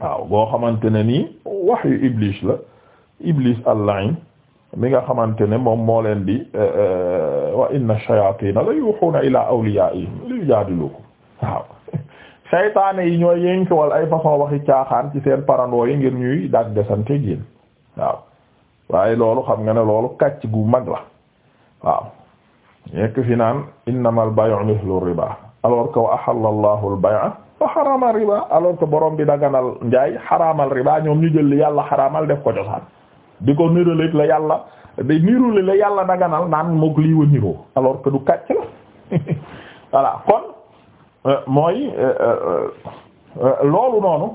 waaw boo xamante ne nii wax yu iblis la iblis al mi nga xamante ne moom moo leen di euh, euh, wa inna shayatina la yuhuna ila awliyaihim liyujadilukum waaw saytaane yi ñooy yënkiwal ay façon waxi caaxaan ci seen parandoo yi ngir ñuy daag desante génn waaw waaye loolu xam nga ne loolu kàcc gu mag la waaw ñekk fi naan innamal bay'u mithlu riba alors que wa ahalla Allahu al-bay'a wa harama riba alors que bi daganal njaay xaraamal riba ñoom ñu jël li yàlla xaraamal def ko cosaan di ko nirale la yàlla di nirale la yàlla daganal naan moog lii wa niroo alors que du kàcc la voilà kon euh, mooy euh, euh, loolu noonu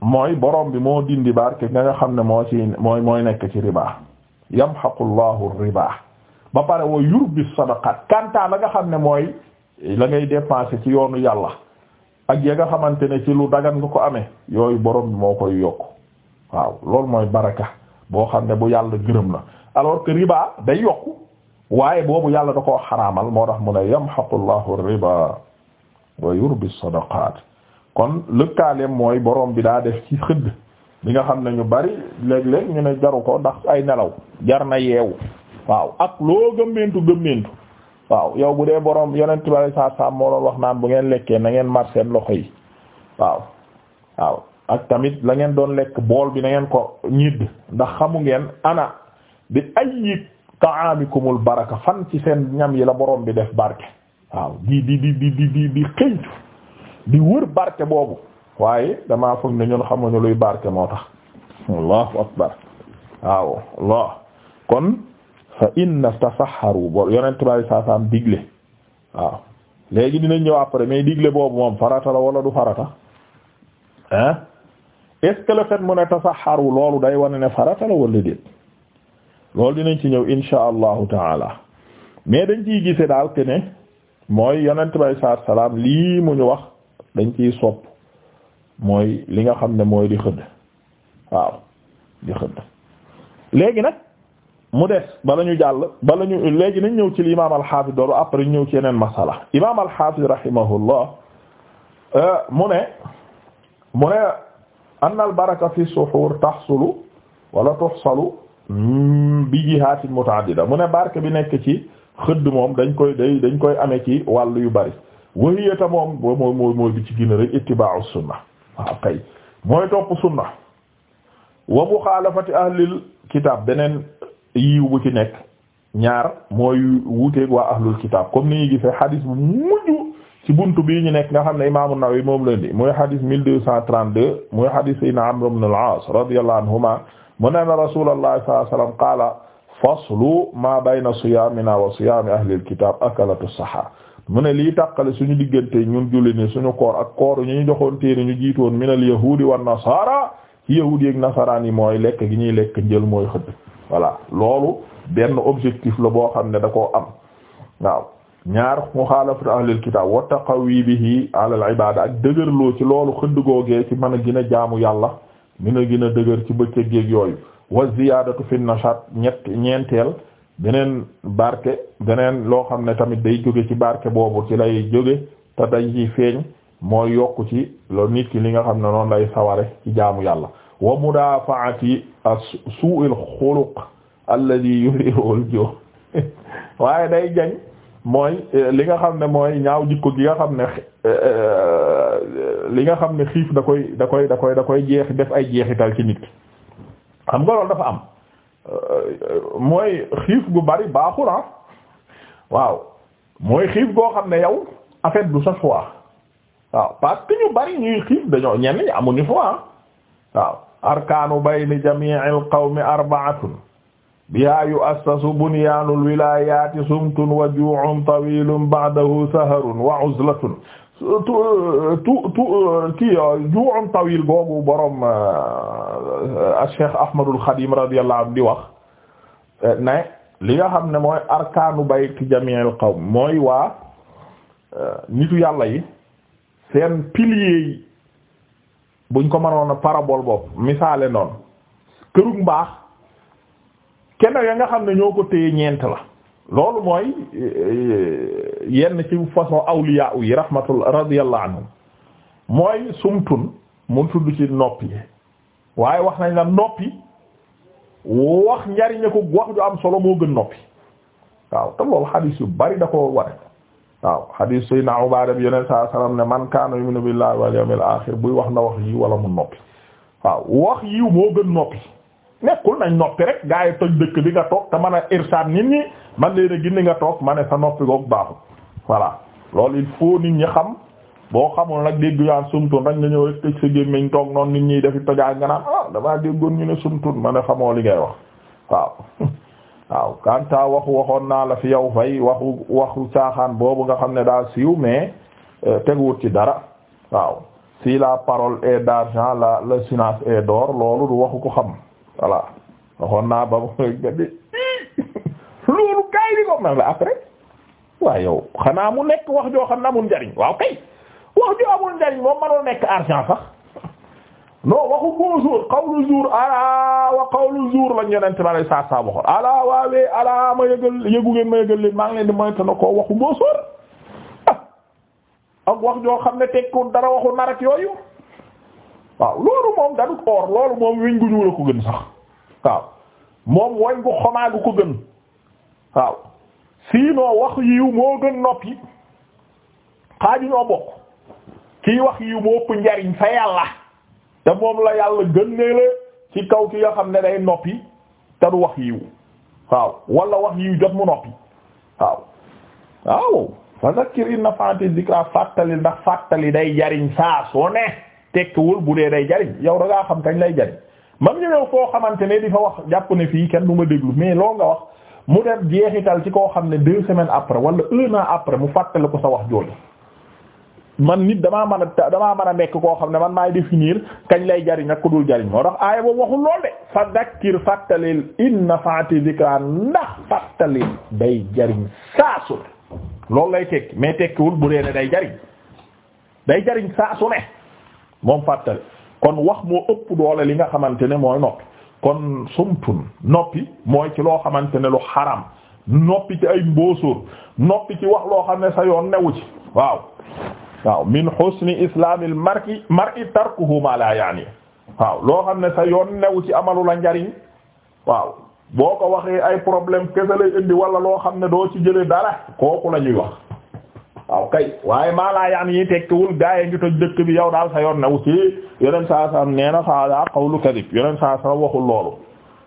mooy borom bi moo dindi barke nga nga xam ne moo ci mooy mooy nekk ci riba yamhaqu Allahu riba ba pare wa yurbi sadaqat kanta la nga xam ne mooy la ngay dépenser ci yoonu yàlla ak ya nga xamante ne ci lu dagan nga ko amee yooyu borom bi moo koy yokk waaw loolu mooy baraka boo xam ne bu yàlla gërëm na alors que riba day yokk waaye boobu yàlla da koo xaraamal moo tax mu ne yamhaqu llahu riba wa yurbi sadaqaat kon lëkkaaleem mooy boroom bi daa def ci xëdd bi nga xam ne ñu bari léeg-léeg ñu ne jaru ko ndax ay nelaw jar na yeewu waaw ak loo gëmmeentu gëmmeentu waaw yow bu dee borom yeneen bi saa saa moo doon wax naan bu ngeen lekkee na ngeen mar seen loxo yi waaw waaw ak tamit la ngeen doon lekk bool bi na ngeen ko ñidd ndax xamu ngeen ana bi ayyi ta'amikumul baraka fan ci seen ñam yi la boroom bi def barke waaw di di di di di di di wër barke boobu waaye damaa foog ne ñun xamuñu luy barke moo tax allahu akbar waaw allah kon fa inna tasaharu bo yonent bay saasaam digle waaw léegi dinañ ñëw après mais digle boobu moom farata la wala du farata ah est-ce mu ne tasaharu loolu day wane ne farata la wala déet loolu dinañ ci ñëw insha allahu taala mais dañ ciy gise daal ke ne mooy yonent bay saat salaam lii mu ñu wax dañ ciy sopp mooy li nga xam ne mooy di xëdd waaw di xëdd léegi nag mu des bala ñu jàll bala ñu léegi nañ ñëw ci imaam al-Hafiz doolu après ñëw ci yeneen masala imaam al-Hafiz rahimahullah euh, mu ne mu ne anna al-baraka fi suhuur tahsulu wala tuhsalu bi jihaatin muta'addida mu ne barke bi nekk ci xëdd moom dañ koy day dañ koy ame ci wàll yu bari wahiyata moom mooy mooy mooy bi ci gën a rek ittibaa'u sunna waaw ah, kay mooy topp sunna wa muxaalafati ahlil kitaab beneen yiw bu ci nekk ñaar mooy wuuteeg waa ahlul kitab comme ni ñuy gisee xadis bu mujj ci buntu bii ñu nekk nga xam ne imaamu Nawawi moom la indi mooy xadis 1232 mooy xadis sayyidina Amr ibn al-Aas radiyallahu anhuma mu ne na Rasulullah sallallahu alayhi wasallam qaala faslu ma bayna siyaamina wa siyaami ahlil kitab akalatu saxaar mu ne lii tàqale suñu diggante ñu julli ni suñu koor ak kooru ñu ñu joxoon téere ñu jiitoon minal yahuudi wan nasaara ci yahuudi ak nasaraan yi mooy lekk gi ñuy lekk njël mooy voilà loolu benn objectif la boo xam ne da koo am waaw ñaar muxaalafatu ahlil kitaab wa taqawi bihi alal ibaada ak dëgërloo ci loolu xëdd googee ci mën a gën a jaamu yàlla mën a gën a dëgër ci bëccëg yeeg yooyu wa ziyaadatu fi nashaat ñett ñeenteel beneen barke beneen loo xam ne tamit day jóge ci barke boobu ci lay jóge te dañ ci feeñ mooy yokku ci loolu nit ki li nga xam ne noonu lay saware ci jaamu yàlla wa mudaafaati as-su'il xuluq alladhi yuriru al waaye day jañ mooy eh, li nga xam ne mooy ñaaw jikko gi nga xam ne eh, eh, li nga xam ne xiif da koy da koy da koy da koy jeex def ay jeexital ci nit xam nga loolu dafa am mooy xiif gu bari baaxul ah waaw mooy xiif goo xam ne yow en fait du sa choix waaw parce ñu bari ñuy xiif dañoo ñenn ñi amuñu choix ah. waaw. arkaanu bayni jami'il qawmi arba'atun biha yu'assasu bunyaanul wilaayaati sumtun wa juu'un tawiilun ba'dahu saharun wa 'uzlatun tu tu tu kii juu'un tawiil googu borom uh, uh, Cheikh Ahmadul Xadim radiyallahu anhu di wax eh, ne li nga xam ne mooy arkaanu bayti jami'il qawm mooy waa uh, nitu yàlla yi seen piliers yi. buñ ko mënoon a parabole bopp misaale noonu kërug baax kenn ya nga xam ne ñoo ko téye ñeent la loolu mooy eh, yenn ci façon awliya yi rahmatul radiyallahu anhum mooy sumtun mu tudd ci noppi waaye wax nañ la noppi wax njariña ko wax ju am solo moo gën noppi waaw te loolu xadiis yu bari da ko ware waaw hadis sayna Ubaada bi yeneen sa salaam ne man kaana yu'minu billahi wal yawmil aaxir buy wax na wax yi wala mu noppi waaw wax yiw moo gën noppi nekkul nañ noppi rek gaa yi toj dëkk bi nga toog te mën a irsaad nit ñi man leen a gindi nga toog ma ne sa noppi goog baaxul voilà loolu it faut nit ñi xam boo xamul nag dégg yaan sumtun rek nga ñëw rek tëj sa gémmiñ toog noonu nit ñi dafi tojaa nga naan ah damaa déggoon ñu ne sumtun ma ne xamoo li waaw waaw kanta waxu waxoon naa la fi yow fay waxu waxu caaxaan boobu nga xam ne daal siiw mais euh, teguwut ci dara waaw si la parole est d'argent la le silence est d'or loolu du waxu ko xam voilà waxoon naa ba gadi loolu kay di ko nag la après waaw yow xanaa mu nekk wax joo xam ne njariñ waaw kay wax joo amul njariñ moom mënul nekk argent sax non waxu bonjour xawlu jour ah, toujours ma lay saa saa waxoon alaa waawee ma yëgal yëgu ngeen ma yëgal leen maa ngi leen di moytu ah, xam ne tekkiwul dara waxu nar ak yooyu waaw loolu moom danut or loolu moom weñ gu ñuul ko gën sax waaw moom woñ gu xomaagu ko gën waaw sinon wax yiw moo gën noppi xaaju bokk kiy wax yiw moo ëpp njariñ fa yàlla te moom la yàlla gën ne ci kaw ki nga xam ne day noppi te du wax yiw waaw wala wax yiw jot mu noppi waaw waaw fa zakkir in nafa'ati dhikra fàttali ndax fàttali day jariñ saa soo ne tekkiwul bu dee day jariñ yow da ngaa xam kañ lay jariñ mam ñëwew foo xamante ne di fa wax jàpp ne fii kenn du ma déglu mais loo nga wax mu dem jeexital ci koo xam ne deux semaines après wala un an après mu fàttali ko sa wax jooju man nit damaa man a damaa mën a nekk koo xam ne man maay définir kañ lay jariñ ak ku dul jariñ moo tax aaya boobu waxul lool de fa dakkir fàttalil inna faati dikra ndax fàttalil day jariñ saa ne loolu lay tekki mais tekkiwul bu dee ne day jariñ day jariñ saa su ne moom fàttali kon wax moo ëpp doole li nga xamante ne mooy noppi kon sumtun noppi mooy ci loo xamante ne lu xaram noppi ci ay mbóosóor noppi ci wax loo xam ne sa yoon newu ci waaw waaw min husni islamil mar'i mar'i tarkuhu ma la yaani waaw loo xam ne sa yoon new ci amalu la njariñ waaw boo ko waxee ay problème kese indi wala loo xam ne doo ci jële dara kooku la ñuy wax waaw kay waaye maa laa yaan yi tekkiwul gaa yi ngi toj dëkk bi yow daal sa yoon new ci yeneen saa saa nee na xaaral xawlu kadib yeneen saa saa waxul loolu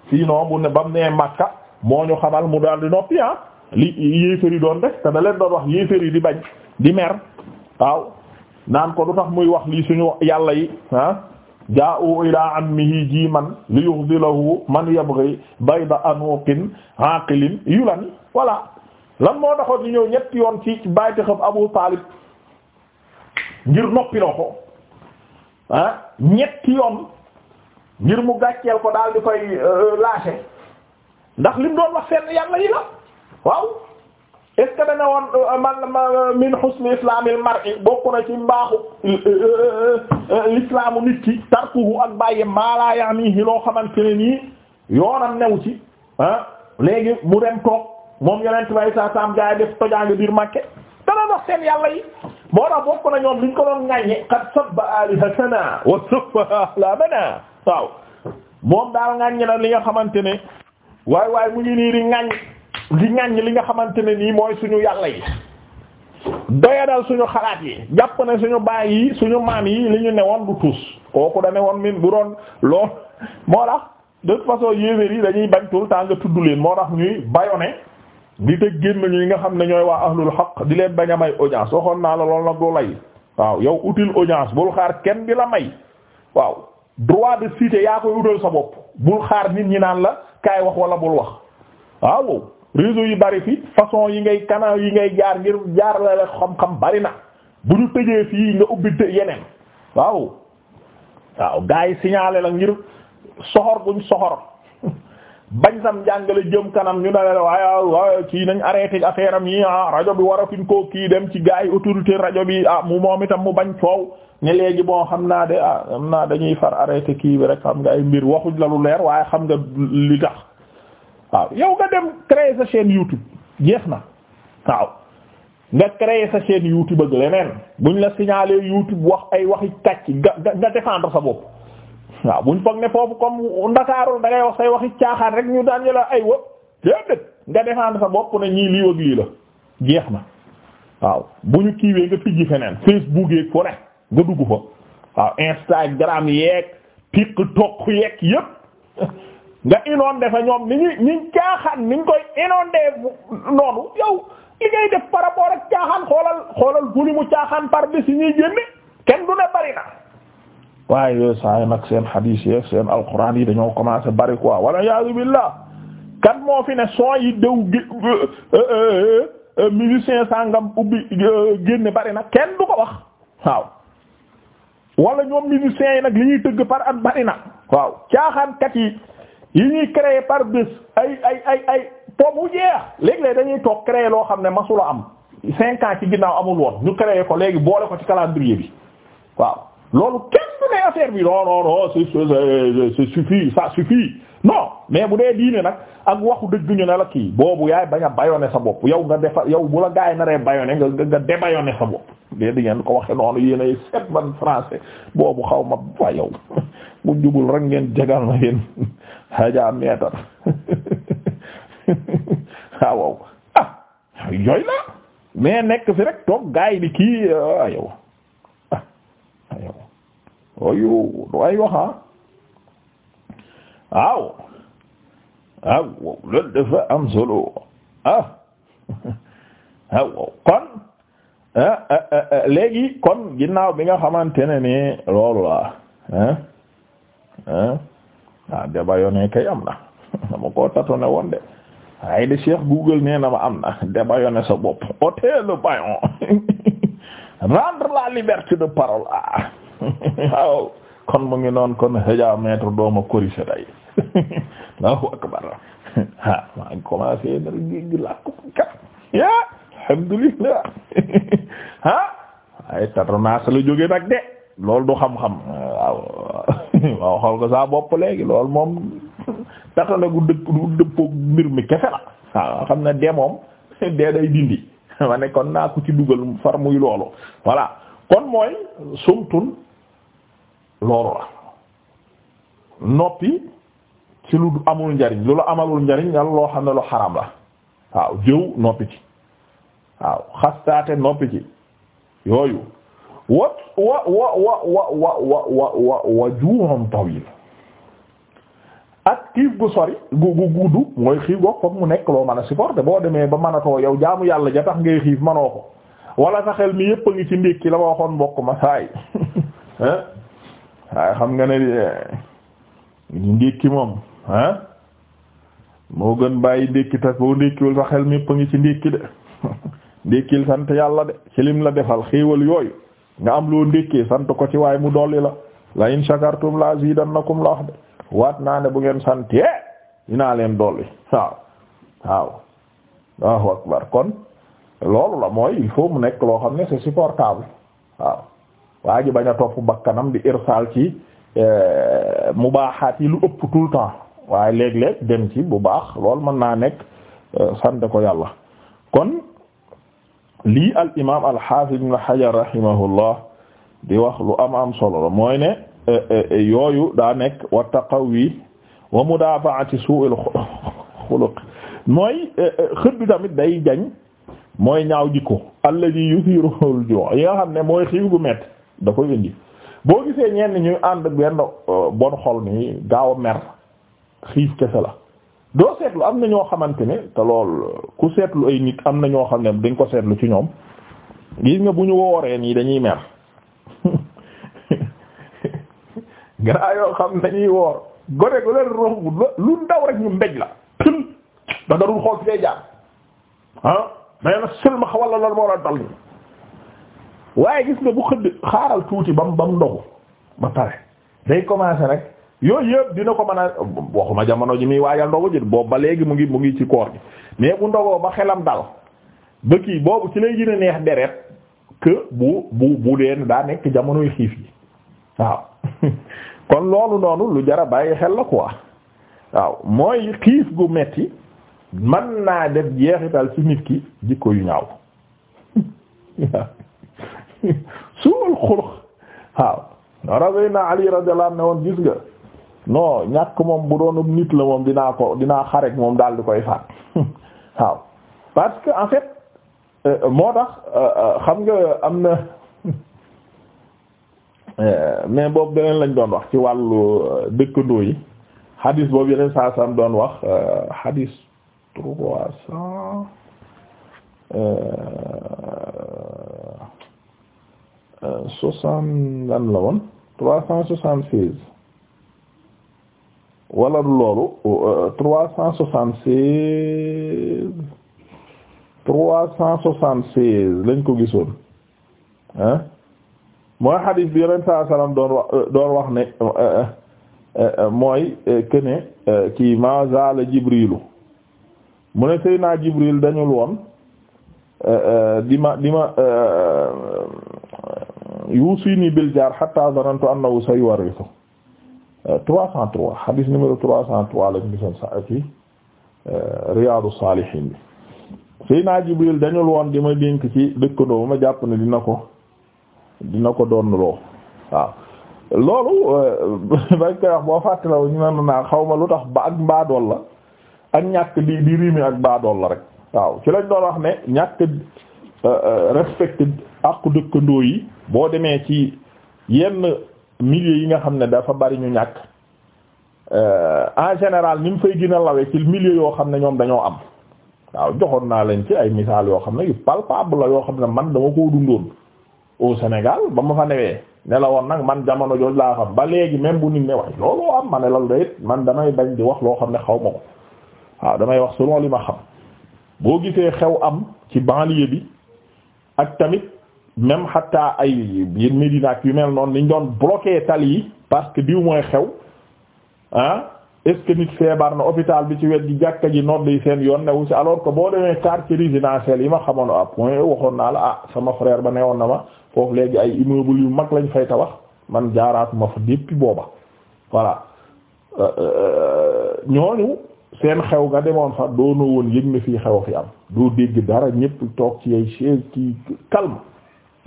sinon bu ne Makka moo ñu xamal mu daal di noppi ah li yéefar doon rek te da doon wax waaw naan ko du tax muy wax lii suñu yàlla yi ah jaa'u ila ammihi jiiman li yughdilahu man yabghi bayda anuqin aqilin yulan voilà lan moo taxoon ñu ñëw ñetti yoon ci bàyyi xam Abu Talib ngir noppiloo ko ah ñetti yoon ngir mu gàcceel ko daal di koy euh, lâché ndax lim doon wax seen yàlla yi la waaw est-ce que dana euh, man min husni islamil mar'i bokk na ci mbaaxu euh, euh, l'islamu nit ki tarkuhu ak bàyye maalaa yaanihi loo xamante ne nii yoonam new ci ah léegi mu dem toog moom yonent way sa sam gaay def tojaange biir Màkke dana dox seen yàlla yi moo tax bokk na ñoom liñ ko doon gàññe qad sabba alihatana wa sabba alamana waaw moom daal gàññe na li nga xamante ne waay waay mu ngi nii di gàññ di ñàññ li nga xamante ne nii mooy suñu yàlla yi doyadal suñu xalaat yi jàpp ne suñu bàyyi suñu maam yi li ñu woon du tuus kooku da woon min bu doon lool moo tax de toute façon yéeféer yi dañuy bañ tout le temps nga tudd leen moo tax ñuy bayone di tëj génn ñi nga xam ne ñooy wax ahlul xaq di leen bañ may audience waxoon naa la loolu nag du lay waaw yow util audience bul xaar kenn di la may waaw droit de cité yaa koy utal sa bopp bul xaar nit ñi naan la kaay wax wala réseau yi bari fi façon yi ngay canal yi ngay jaar ngir jaar la la xam-xam bari na bu ñu tëjee fii nga ubbi yeneen waaw waaw gars yi signalé la ngir soxor buñ soxor bañ sam njàngale jëm kanam ñu ne la waaye waaye kii nañ arrêté affaire am yi ah rajo bi war a koo kii dem ci gars yi autorité rajo bi ah mu moom itam mu bañ coow ne léegi bon xam naa de ah xam naa dañuy far arrêté kii bi rek xam nga ay mbir waxuñ la lu leer waaye xam nga li tax. waaw yow nga dem créer sa chaîne YouTube jeex na waaw nga créer sa chaîne YouTube ak leneen ñu la signaler YouTube wax ay waxi kàcc nga nga défendre sa bopp waaw buñ foog ne foofu comme ndakaarul da ngay wax say waxi caaxaan rek ñu daan la ay wa déedéet nga défendre sa bopp ne ñii lii ak lii la jeex na waaw bu ñu kiiwee nga tijji feneen Facebook yeeg fo ne nga dugg fa waaw Instagram yeeg TikTok yeeg yépp nga inondé fa ñoom ni ñu ñu caaxaan ni ñu koy inondé noonu yow li ngay def par rapport ak caaxaan xoolal xoolal guli mu caaxaan par bés yi ñuy génne kenn du ne bari waaye yooyu saa yi nag seen xadiis yi seen alxuraan yi dañoo commencé bari ko wala yaazu billah kan moo fi ne son yi dëw musicien sangam ubbi euh, génne bari na kenn du ko wax waaw wala ñoom musiciens yi nag li ñuy tëgg par at bari na waaw yi yi ñuy créer par bés ay ay ay ay po bu jeex dañuy toog créer loo xam ne masula am cinq ans ci ginnaaw amul woon ñu créer ko léegi boole ko ci bi waaw loolu kenn du ne affaire bi non non non c'est c'est suffit ça suffit non mais bu dee diine nag ak waxu dëgg ñu ne la kii boobu yaay bañ a bayone sa bopp yow nga defar yow bu la gaay naree bayone nga nga débayone sa bopp dee di ngeen ko waxe noonu yéen ay sept ban français boobu xaw ma fa yow bu jubul rek ngeen jagal ma yéen haja meetar ah, waaw ah mais nekk fi rek toog gaay di kii ayow ah, ah, waaw waaw loolu am solo ah kon ah, ah, ah, léegi kon ginnaaw bi nga xamante ne ni loolu la ah ah ah yone kay am na dama ko tatone woon de ay de Cheikh Google nee na ma am na débat yone sa bopp ôtez le rendre la liberté de parole ah waaw kon mu ngi noon kon xëja maître dooma corrigé day Allahu akbar ah maa ngi commencé nar la jóge nag de loolu du xam-xam waaw waaw xool ko saa bopp léegi loolu moom tatana gu dëpp gu mbir mi kese la waaw xam ne de dee day dindi ma ne kon naa ko ci dugal far muy loolu voilà kon mooy sumtun loolu la noppi ci lu amul njariñ lu la amalul njariñ yàlla loo xam ne lu xaram la waaw jëw noppi ci waaw xastaate noppi ci yooyu wa wa wa wa wa wa wa wa wa juuxam tawil ak xiif gu sori gu gu gudd mooy xiif goog foog mu nekk loo mën a supporter boo demee ba mënatoo yow jaamu yàlla ja tax ngay xiif manoo ko wala sa xel mi yëpp a ngi ci ndékki la ma waxoon mbokk ma saay ah xam nga ne eh, ndékki moom ah moo gën bàyyi ndékki ta boo ndékkiwul sa xel mépp a ngi ci ndékki de ndékkil sant yàlla de ci lim la defal xéewal yooyu nga am loo ndékkee sant ko ci waay mu dolli la la in shakartum la azidannakum la wax de waat naa ne bu ngeen santee dinaa leen dolli waaw waaw waaw akbar kon loolu la mooy il faut mu nekk loo xam ne c'est supportable waaw waa ji bañ a topp bakkanam di irsaal ci eh, mubaaxaat yi lu ëpp tout waaye léeg-léeg dem ci bu baax lool mën naa nekk euh, sant ko yàlla kon lii al imaam al xaafid ibn Hajar di wax lu am am solo la mooy ne euh, euh, yooyu daa nekk wa taqawi wa mudaafa'ati su'il xuluq mooy xët tamit day jañ mooy ñaaw jikko alladhi yuthiru al ju' yi nga xam ne mooy xiiw bu métti da koy indi boo gisee ñenn ñuy ànd benn bon xol ni gaaw a mer xiif kese la doo seetlu am na ñoo xamante ne te lool ku seetlu ay nit am na ñoo xam ne dañ ko seetlu ci ñoom gis nga bu ñu wooree nii dañuy mer garaa yoo xam dañuy woor gone gu leen romb lu ndaw rek ñu mbéj la da darul xool ci day jaar ah mais nag sëlmax wala loolu moo la dal ñu waaye gis nga bu xëdd xaaral tuuti bam bam ndogu ba pare day commencer rek yooyu yëpp dina ko mën a waxuma jamono ji muy waajal ndogu ji boobu ba léegi mu ngi mu ngi ci koor gi mais bu ndogoo ba xelam dal ba kii boobu ci lay gën a neex deret que bu bu bu deen daa nekk jamono xiif yi waaw kon loolu noonu lu jara bàyyi xel la ko waaw mooy xiif gu metti man naa def jeexital ci nit ki jikko yu ñaaw suul xulux waaw rawee na Ali radiyallahu anhu ne woon gis nga non ñàkk moom bu doonum nit la moom dinaa ko dinaa xarek moom daal di koy faat waaw parce que en fait euh, moo tax euh, euh, xam nga am na mais boobu beneen lañ doon wax ci wàllu dëkkandoo yi hadis boobu yeneen saa sam doon wax hadis trois cent soixante la woon trois cent soixante seize wala du loolu euh, trois cent soixante seize trois cent soixante seize lañ ko gisoon ah mooy xadiis bi yonent saa salaam doon wax euh, doon wax ne euh, mooy que ne kii ma zaala jibrilu mu ne Seydina Jibril dañul woon di ma di ma yusini bil jaar hatta zanantu annahu sayuwarrisu 303 hadis numéro 303 lañ gisoon sa ci euh, Riyadu Salihin bi Seydina Jibril dañul woon di ma dénk ci dëkkandoo ba ma jàpp na dina ko dina ko doonuloo waaw loolu euh, bañ koy wax boo fàttalaw ñu ne naa xaw ma lu tax ba ak mbaadool la ak ñàkk di di rimi ak mbaadool la rek waaw ci lañ doon wax ne ñàkk euh, respecté àqu dëkkandoo yi boo demee ci yenn milieu yi nga xam ne dafa bari ñu ñàkk euh, en général ni mu fay gina a lawe ci milieu yoo xam ne ñoom dañoo am waaw joxoon naa leen ci ay misaal yoo xam ne yu palpable la yoo xam ne man dama koo dundoon au Sénégal ba ma fa newee ne la woon nag man jamono jooju laa xam ba léegi même bu nit ne waaye looloo am ma ne la doyit man damay bañ di wax loo xam ne xaw ma ko waaw damay wax selon li ma xam boo gisee xew am ci banlieue bi ak tamit même xatta ay yéen Médina ak yu mel noonu niñ doon bloqué tali yi parce que diw mooy xew ah est-ce que nit feebar na hôpital bi ci wet gi jàkka ji nodd yi seen yoon newu si alors que boo demee quartier résidentiel yi ma xamoon à point waxoon naa la ah sama frère ba woon na ma foofu léegi ay immeuble yu mag lañ fay tabax man jaaraatuma fa depuis booba voilà euh, euh, euh, ñooñu seen xew nga demoon fa doonoo woon yëg na fii xew a fi am doo dégg dara ñëpp toog ci ay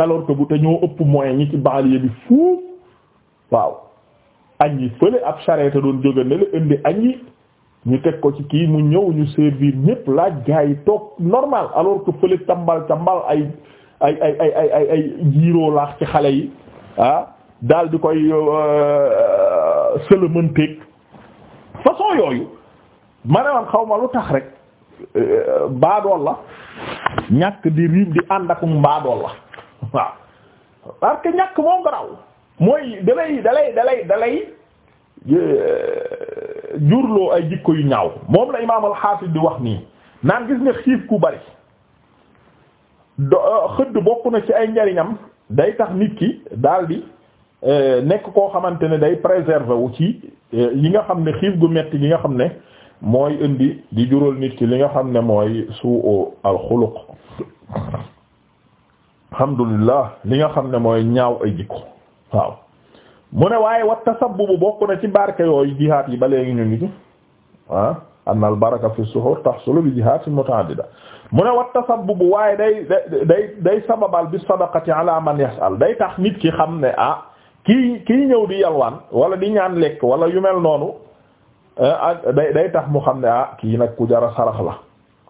alors que bu te ñoo ëpp moyen ñi ci banlieue bi fuuf waaw añ yi fële ab charrette doon jóga ne la indi añ yi ñu teg ko ci kii mu ñëw ñu servir ñëpp laaj gaa yi toog normal alors que fële tambal tambal ay ay ay ay ay ay jiiroo laax ci xale yi ah daal di koy euh, euh, sëlëmanteeg façon yooyu ma ne xaw ma lu tax rek euh, baadool la ñàkk di riib di ànd ak mbaadool la waaw parce que ñàkk moo garaw mooy dalay dalay dalay dalay euh, jurloo ay jikko yu ñaaw moom la imaam al di wax nii naan gis ne xiif ku bari euh, xëdd bokk na ci ay njariñam day tax nit ki daldi euh, nekk koo xamante ne day préserver wu ci yi nga xam ne xiif gu metti gi nga xam ne mooy indi di jural nit ki li nga xam ne mooy suu al alhamdulillah li nga xam ne mooy ñaaw ay jikko waaw mu ne waaye wat bu tasabbubu bokk na ci barke yooyu jihaat yi ba léegi ñu ngi ci ah anna al baraka fi suhur tahsulu bi jihaatin muta'addida mu ne wat tasabbubu waaye day day day sababal bi sadaqati ala man yas'al day tax nit ki xam ne ah kii kii ñëw di yalwaan wala di ñaan lekk wala yu mel noonu eh, day day tax mu xam ne ah kii nag ku jara sarax la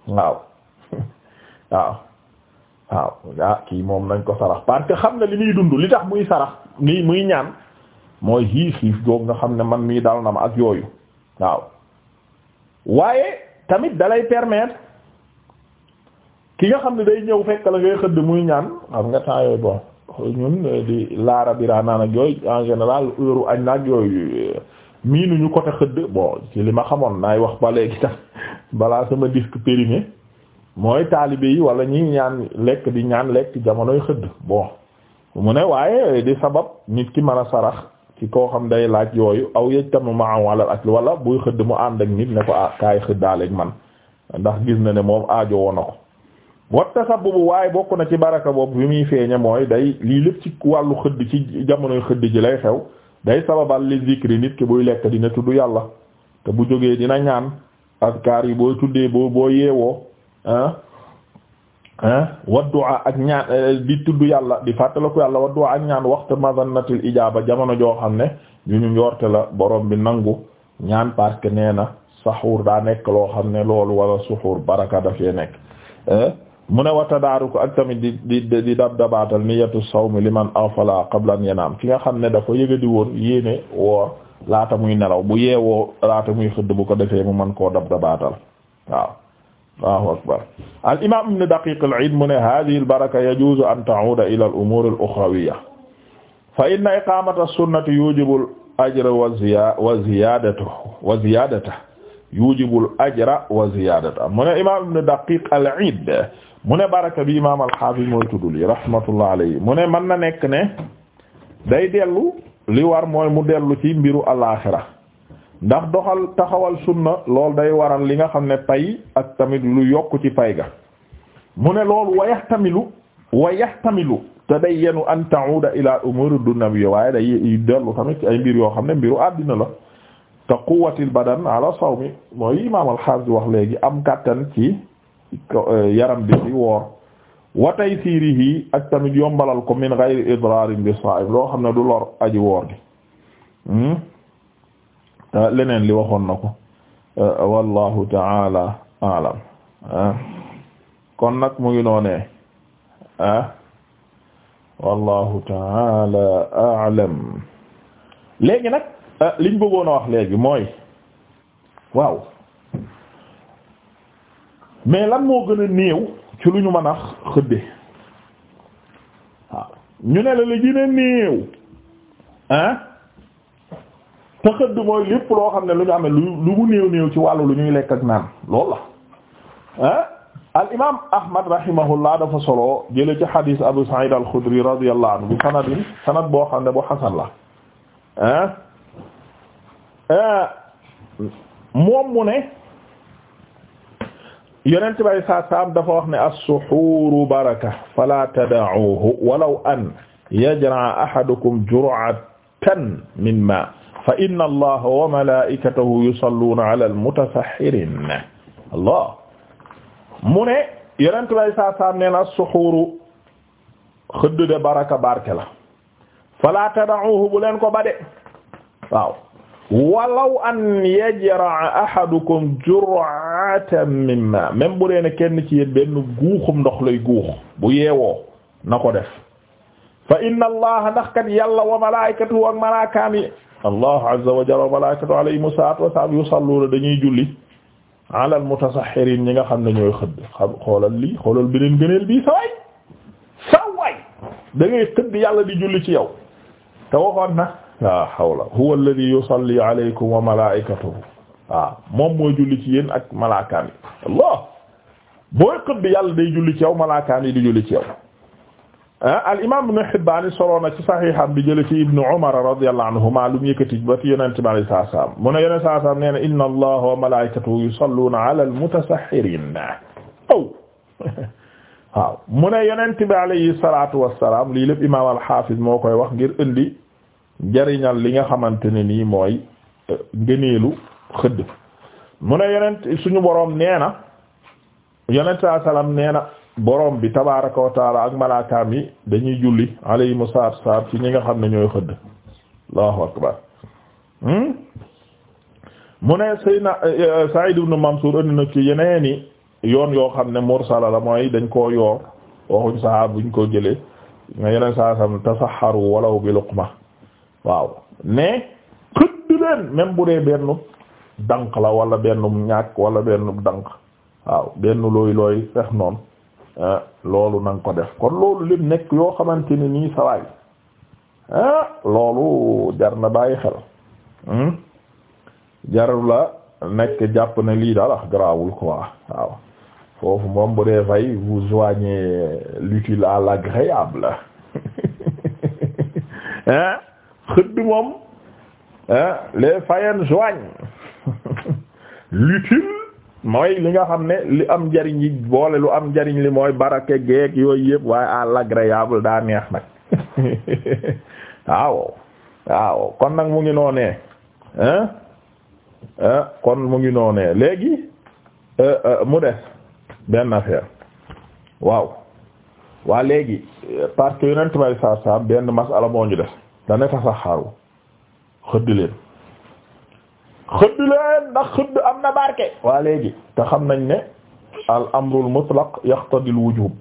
waaw waaw waaw ah kii moom nañ ko sarax parce que xam ne li muy dund li tax muy sarax ni muy ñaan mooy xii xiif goog nga xam ne man mii dal na ma ak yooyu waaw waaye tamit dalay permettre ki nga xam ne day ñëw fekk la ngay xëdd muy ñaan xam nga temps yooyu bon ñun di laara bira naan ak yooyu en général heure añ naag yooyu miinuñu côté xëdd bon ci li ma xamoon naay wax ba léegi tax balaa sama disque périmé mooy taalibe yi wala ñi ñaan lekk di ñaan lekk jamonoy xëdd bon mu ne waaye di sabab nit ki mën a sarax ki koo xam day laaj yooyu aw yëj tam ma am wala ak wala buy xëdd mu ànd ak nit ne ko ah kaay xëddaaleeg man ndax gis na ne moom aajo woon na ko watta sababu waaye bokk na ci baraka boobu bi muy feeñe mooy day lii lépp ci wàllu xëdd ci jamonoy xëdd ji lay xew day sababal li zikri nit ki buy lekk dina tudd yàlla te bu jógee dina ñaan askar yi boo tuddee boo boo yeewoo wa du'a ak ñaan euh, di tudd yàlla di fàttaliku yàlla wa du'a ak ñaan waxtu mazannatil ijaaba jamono joo xam ne ñu ñu njorte la borom bi nangu ñaan parce que nee na saxuur daa nekk loo xam ne loolu wala suxuur baraka dafee nekk mu ne wa tadaaruku ak tamit di di di dab dabaatal niyatu sawmi liman afala qabla an yanaam ki nga xam ne dafa yëgadi woon yéene woor laata muy nelaw bu yeewoo laata muy xëdd bu ko defee mu mën koo dab dabaatal waaw Allahu akbar al imam ibn daqiq al iid mu ne hadhihi al baraka yajuzu an ta'uda ila al umur al ukhrawiyya fa inna iqamata as-sunnati yujibu al ajra wa ziya wa ziyadatahu wa ziyadatahu yujibu al ajra wa ziyadatahu mu ne imam ibn daqiq al iid mu ne baraka bi imam al hafiz mooy tudduli rahmatullah alayhi mu ne mën na nekk ne day dellu li war mooy mu dellu ci mbiru al axira ndax doxal taxawal sunna lool day waral li nga xam ne pay ak tamit lu yokk ci pay ga mu ne loolu wa yahtamilu wa yahtamilu te day yenu an ta'uda ila umur dunya waaye day dellu tamit ay mbir yoo xam ne mbiru àddina la te quwwatil badan ala sawmi mooy imaam al-Hafiz wax léegi am kàttan ci eh, yaram bi ci woor wa taysiirihi ak tamit yombalal ko min ghayri idraarin bi saa'im loo xam ne du lor aji woor gi hmm? Ah, leneen li waxoon na ko ah, wallahu taala alam ah. kon nag mu ngi noonee ah wallahu taala alam léegi nag liñ bëggoon a wax léegi mooy waaw mais lan moo gën a néew ci lu ñu mën a xëdde ñu ne la la gën a néew ah te xëdd mooy lépp loo xam ne lu ñu amee lu lu mu néew néew ci wàllu lu ñuy lekk ak naan loolu la ah al imam ahmad rahimahullah dafa solo jële ci hadith abu sa'id al-khudri radiyallahu anhu bi sanadin sanad boo xam ne bu hasan la ah, ah moom mu ne yonent bay saa saam dafa wax ne as-suhuuru baraka fala tada'uhu walaw an yajra'a ahadukum jur'atan min ma fa inna allaha wa malaikatahu yusalluuna ala almutasahhirin allah mu ne yonent bay saa saam nee na suxuuru xëdd de baraka barke la fala tada'uhu bu leen ko bade waaw walaw an yajra'a ahadukum jur'atan mimma même bu deen kenn ci yéen benn guuxum ndox lay guux bu yeewoo na ko def fa inna allaha ndax kat yàlla wa malaikatahu ak malaakaam yi allah azza wa jalla wa malaikatu alayhi musaat wa sab yusalluuna dañuy julli alal mutasaxirin ñi nga xam ne ñooy xëdd xam xoolal lii xoolal beneen gëneel bii saway saway da ngay xëdd yàlla di julli ci yow te waxoon na la hawla huwa alladhi yusalli alaykum ah, moom mooy julli ci yéen ak malaakaan allah booy xëdd yàlla day julli ci yow malaakaan yi di julli ci yow Ah, al imaam Ibn Hibbaan soloo na ci saxiixam bi jële ci Ibn Umar radiyallahu anhumaa lu mu yëkkati ba fi Yonent bi alayhi salaam mu ne Yonent saa salaam nee na inna Allaha wa malaa'ikatahu yusalluuna alal mutasahhiriin aw waaw mu ne Yonent bi alayhi salaatu wa salaam lii lépp imaam al-Haafiz moo koy wax ngir indi njariñal li nga xamante ne nii mooy eh, ngëneelu xëdd mu ne Yonent suñu boroom nee na Yonent saa salaam nee na. borom bi tabaraka wa taala ak malaakaam yi dañuy julli alayhimu salaatu salaam ci ñi nga xam ne ñooy xëdd allahu akbar hmm? mu ne sayna eh, Sa'id ibn Mansur indi na ci yeneeni yoon yoo xam ne mursala la mooy dañ koo yoor waxuñ saxaab buñ ko jëlee nga yeneen saa sam tasaxaru walaw bi luqma waaw mais xëdd leen même bu dee benn dank la wala benn ñàkk wala benn dank waaw benn looy looy fex noonu Ah, loolu na ko def kon loolu lépp nekk yoo xamante ne nii sawaay ah loolu jar na bàyyi xel hmm? jarul la nekk jàpp na lii daal ah, garaawul quoi waaw foofu moom bu dee fay vous joignez l'utile à l'agréable hein ah, xëdd moom hein les fayennes joignent l'utile mooy li nga xam ne li am njariñ yi boole lu am njariñ li mooy barake geek yooyu yëpp waaye à l'agréable daa neex nag waaw waaw kon nag mu ngi noonee hein hein kon mu ngi noonee léegi euh, euh, mu des benn affaire waaw waa léegi parce que yonent may saar saar benn masala moo ñu des dana tasaxaaru xëdd leen xëdd leen ndax xëdd am na barke waa léegi te xam nañ ne al amrul mutlaq yaqtadi al wujub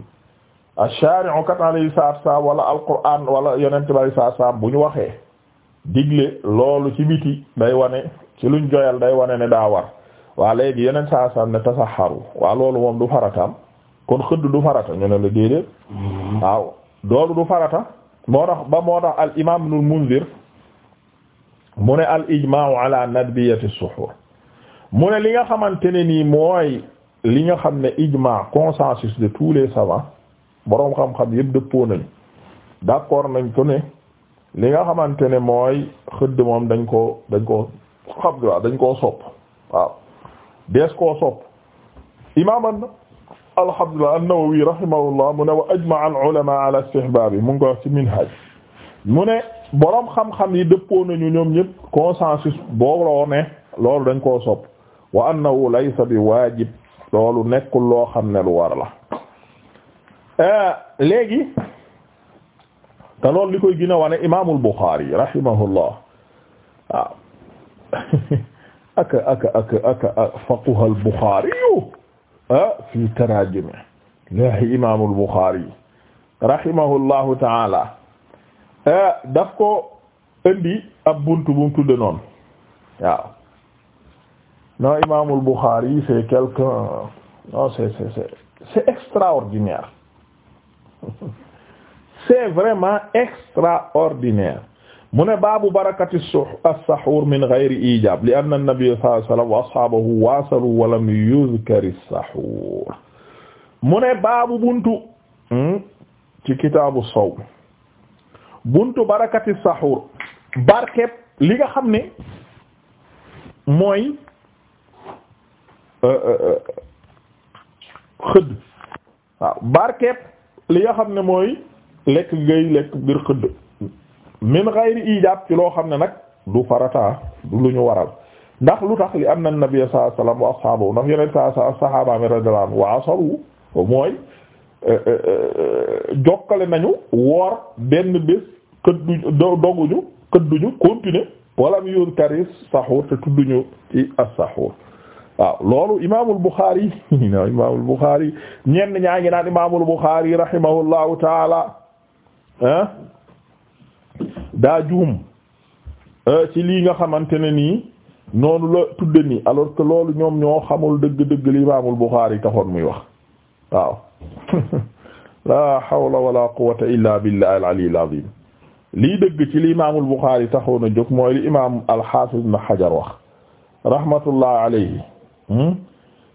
ash-shari'u kat alayhi salaatu salaam wala alquran wala yonent bi alayhi salaatu salaam bu ñu waxee digle loolu ci biti day wane ci luñ joyal day wane ne daa war waa léegi yonent saa salaam ne tasaxaru waa loolu moom du farataam kon xëdd du farata ñu ne la déedéet mm-hmm. waaw loolu du farata moo tax ba moo tax al imaam ibnul Munzir mu ne al ijmaa ala nadbiyati suxur mu ne li nga xamante ne nii mooy li nga xam ne ijmaa consensus de tous les savants boroom xam-xam yëpp dëppoo nañ d'accord nañ ko ne li nga xamante ne mooy xëdd moom dañ koo dañ koo xam nga dañ koo sopp waaw dees koo sopp mu ne wa ajmaa al ulama ala istihbaabi mu ngi ko wax ci minhaj mu ne boroom xam-xam yi dëppoo nañu ñoom ñëpp consensus boobu la woon loolu dañ koo sopp wa annahu laysa bi waajib loolu nekkul loo xam ne lu war la euh, léegi te loolu li koy gën a wane imaamul Buxaari rahimahullah waaw aka aka ak aka faquhal Buxaari ah fi taraajimi laahi imaamul Buxaari taala Eh, daf ko indi ab buntu bu mu tudde noonu waaw non Imaamul Bukhari c'est quelqu'un non c'est c'est c'est extraordinaire c'est vraiment extraordinaire mu ne baabu barakati as-sahur min ghayri ijab li anna an-nabiy sallallahu alayhi wa sallam wa ashabahu wasalu wa lam yuzkar as-sahur mu ne baabu buntu hmm, ci kitaabu as-sawm buntu barakati saxuur barkeb li nga xam ne mooy euh, euh, euh, xëdd li nga xam ne mooy lekk ngay lekk biir xëdd min gayri ijaab ci loo xam ne nag du farata du lu ñu waral ndax lu tax li anna na sallallahu alayhi wa ashaabahu ndax yeneen sa sahaaba mi radiyallahu wa asaru mooy jokkale nañu woor benn bés këddu doguñu këdduñu continuer wala mu yor karis saxuur te tudduñu ci as-saxuur waaw loolu imaamul Buxaari imaamul Buxaari ñenn ñaa ngi naan imaamul Buxaari rahimahullahu taala ah daa juum ah, ci lii nga xamante ne nii noonu la tudde nii alors que loolu ñoom ñoo xamul dëgg-dëgg li imaamul Buxaari taxoon muy wax waaw la hawla wala quwwata illa billahi al-ali al-azim lii dëgg ci li imaamul Buxaari taxoon a jóg mooy li imaam al-Hafiz Ibn wax rahmatullah alayhi hmm?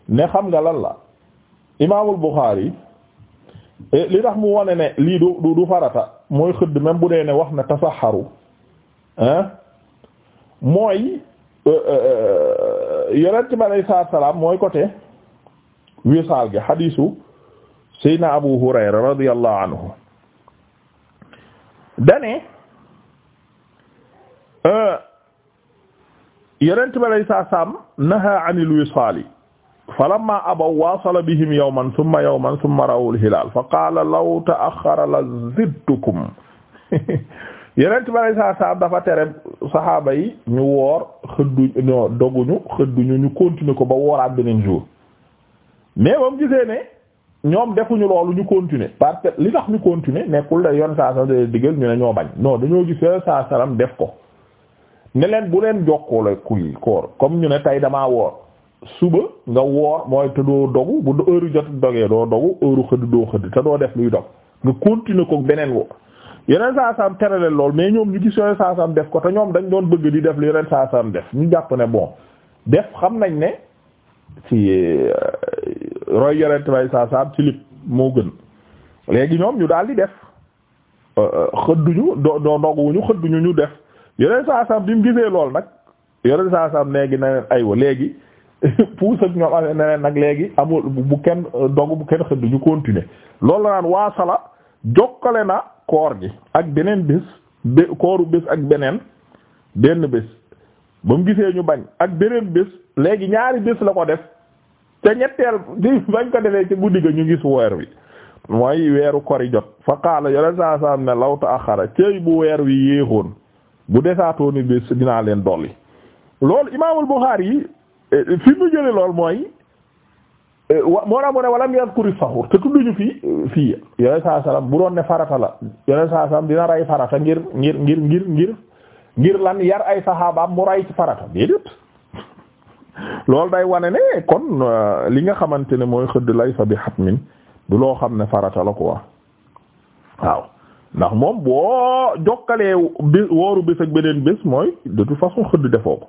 ne xam nga lan la imaamul Buxaari e, li tax mu wane ne lii du farata mooy xëdd même bu dee ne wax na tasaxaru ah mooy e, e, yonent alayhi salaam mooy côté wisaal gi xadiisu Seydina Abu Hurayra radiyallahu anhu dane Euh, yonent bi alay saa saam naha anil wisaali falamma abaw waasala bihim yawman thumma yawman thumma rawul hilaal fa qaala law ta'akhkhara la zidtukum yonent bi alay saa dafa tere saxaaba yi ñu woor xëddu ñoo doguñu xëdduñu ñu continuer ko ba wooraat beneen jour mais ba mu gisee ne ñoom defuñu loolu ñu continuer parce que li tax ñu continuer nekkul da yoon saa saam da ñu ne ñoo bañ non dañoo gis yoon saa def ko ne leen bu leen jokkoo la kuy koor comme ñu ne tey damaa woor suba nga woor mooy te doo dogu bu heure jot dogee doo dogu heure xëdd doo xëdd te doo def luy dog nga continuer ko beneen woor yeneen saasaam tere leen lool mais ñoom ñu gis yeneen saasaam def ko te ñoom dañ doon bëgg di def li yeneen saasaam def ñu jàpp ne bon def xam nañ ne ci euh, roy yeneen tibay saasaam ci lip moo gën léegi ñoom ñu daal di def euh, euh, xëdduñu doo doo doguwuñu xëdduñu ñu def yeneen saa saam bi mu gisee lool nag yeneen saa saam léegi na leen aywa léegi puus ak ñoom am ah, na nag léegi amul bu kenn euh, dogu bu kenn xëdd ñu continuer loolu la naan waasala jokkale na koor gi ak beneen bés be kooru bés ak beneen benn bés ba mu gisee ñu bañ ak beneen bés léegi ñaari bés la ko def te ñetteel bañ ko defee ci guddi ga ñu gis weer wi mooy weeru kori jot fa qaala yeneen saa saam ne law ta axara cëy bu weer wi yéexoon bu desaatoo ni bés dinaa leen dolli loolu imaamul Buxaari yi eh, fi mu jële lool mooy eh, moo naa mu ne walam yadkuri sahur te tudduñu eh, fii fii yoneen saa salaam bu doon ne farata la yoneen saa salaam dina rey farata ngir ngir ngir ngir ngir ngir lan yar ay saxaabaam mu rey ci farata déedéet loolu day wane ne kon euh, li nga xamante ne mooy xëdd lay sa bi xatmin du loo xam ne farata la quoi waaw ndax moom boo jokkalee bi wooru bés ak beneen bés mooy de toute façon xëdd defoo ko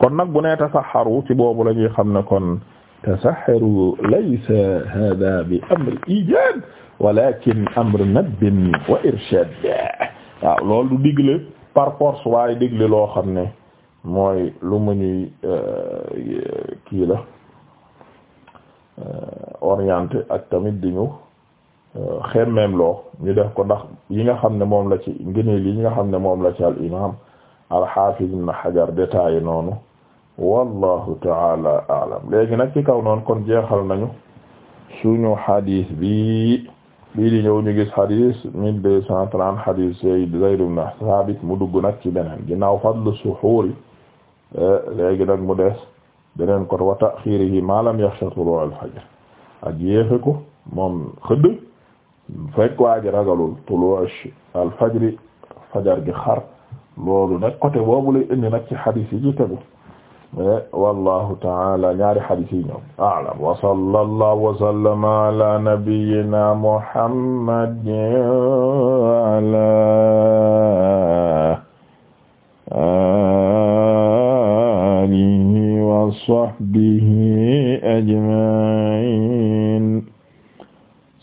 kon nag bu nee tasaxaru ci boobu la ñuy xam ne kon tasaxaru laysa hada bi amri ijab walakin amr nadbin wa irshad waaw loolu du digle par force waaye digle loo xam ne mooy lu mu ñuy euh, kii la euh, orienté ak tamit di ñu xemmeem loo ñu def ko ndax yi nga xam ne moom la ci ngëneel yi nga xam ne moom la ci al imam al hafiz ibn hajar détaillé noonu wallahu taala alam léegi nag ci kaw noonu kon jeexal nañu suñu hadith bi bii di ñëw ñu gis hadith mille deux cent trente hadith Zayd ibn Sabit mu dugg nag ci beneen ginnaaw fadlu suhuuri léegi nag mu des beneen kon wa ta'khirihi ma lam yakhsha tulu'al fajr ak yéefe ko moom xëdd fekk waa ji ragalul tuluu'u al-fajri fajar gi xar loolu nag côté boobu lay indi nag ci hadis yi ci tegu eh, wallahu ta'ala ñaari hadis yi ñoom a'lam wa sallallahu wa sallama ala nabiyyina muhammadin wa ala alihi wa sahbihi ajma'in